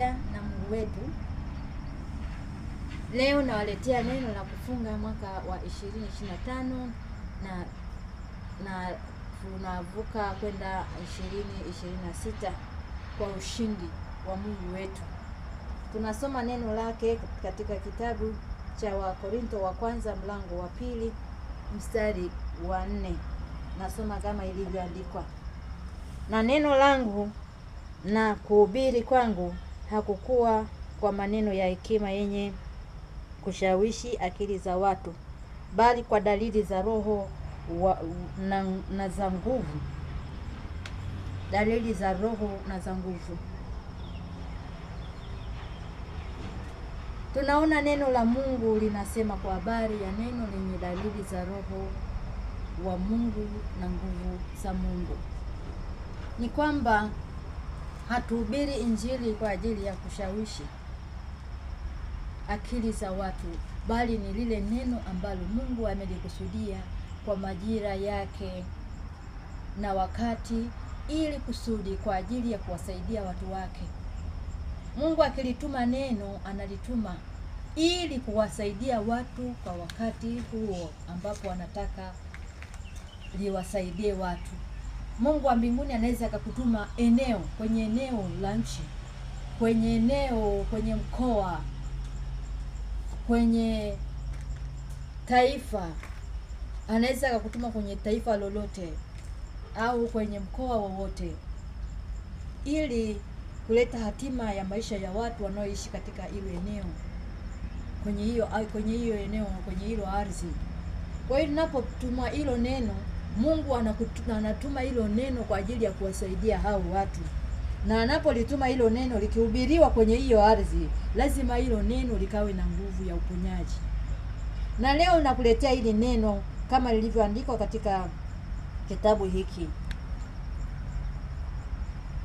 na Mungu wetu. Leo nawaletea neno la kufunga mwaka wa 2025 na na tunavuka kwenda 2026 kwa ushindi wa Mungu wetu. Tunasoma neno lake katika kitabu cha Wakorinto wa kwanza mlango wa pili mstari wa nne. Nasoma kama ilivyoandikwa: na neno langu na kuhubiri kwangu hakukuwa kwa maneno ya hekima yenye kushawishi akili za watu, bali kwa dalili za Roho wa, na, na za nguvu, dalili za Roho na za nguvu. Tunaona neno la Mungu linasema kwa habari ya neno lenye dalili za Roho wa Mungu na nguvu za Mungu, ni kwamba hatuhubiri Injili kwa ajili ya kushawishi akili za watu, bali ni lile neno ambalo Mungu amelikusudia kwa majira yake na wakati, ili kusudi kwa ajili ya kuwasaidia watu wake. Mungu akilituma neno, analituma ili kuwasaidia watu kwa wakati huo ambapo anataka liwasaidie watu. Mungu wa mbinguni anaweza akakutuma eneo kwenye eneo la nchi, kwenye eneo, kwenye mkoa, kwenye taifa. Anaweza akakutuma kwenye taifa lolote au kwenye mkoa wowote, ili kuleta hatima ya maisha ya watu wanaoishi katika hilo eneo, kwenye hiyo kwenye hiyo eneo, kwenye hilo ardhi. Kwa hiyo ninapotumwa hilo neno Mungu anatuma hilo neno kwa ajili ya kuwasaidia hao watu, na anapolituma hilo neno likihubiriwa kwenye hiyo ardhi, lazima hilo neno likawe na nguvu ya uponyaji. Na leo nakuletea hili neno kama lilivyoandikwa katika kitabu hiki,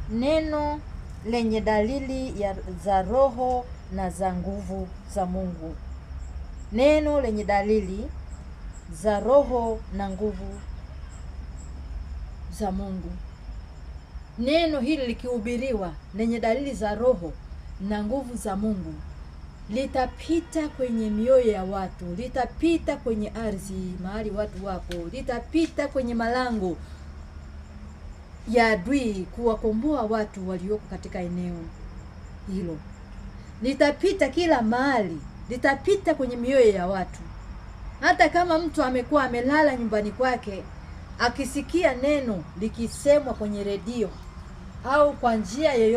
neno lenye dalili ya za roho na za nguvu za Mungu, neno lenye dalili za roho na nguvu za Mungu. Neno hili likihubiriwa lenye dalili za Roho na nguvu za Mungu litapita kwenye mioyo ya watu, litapita kwenye ardhi mahali watu wapo, litapita kwenye malango ya adui kuwakomboa watu walioko katika eneo hilo, litapita kila mahali, litapita kwenye mioyo ya watu. Hata kama mtu amekuwa amelala nyumbani kwake akisikia neno likisemwa kwenye redio au kwa njia yoyote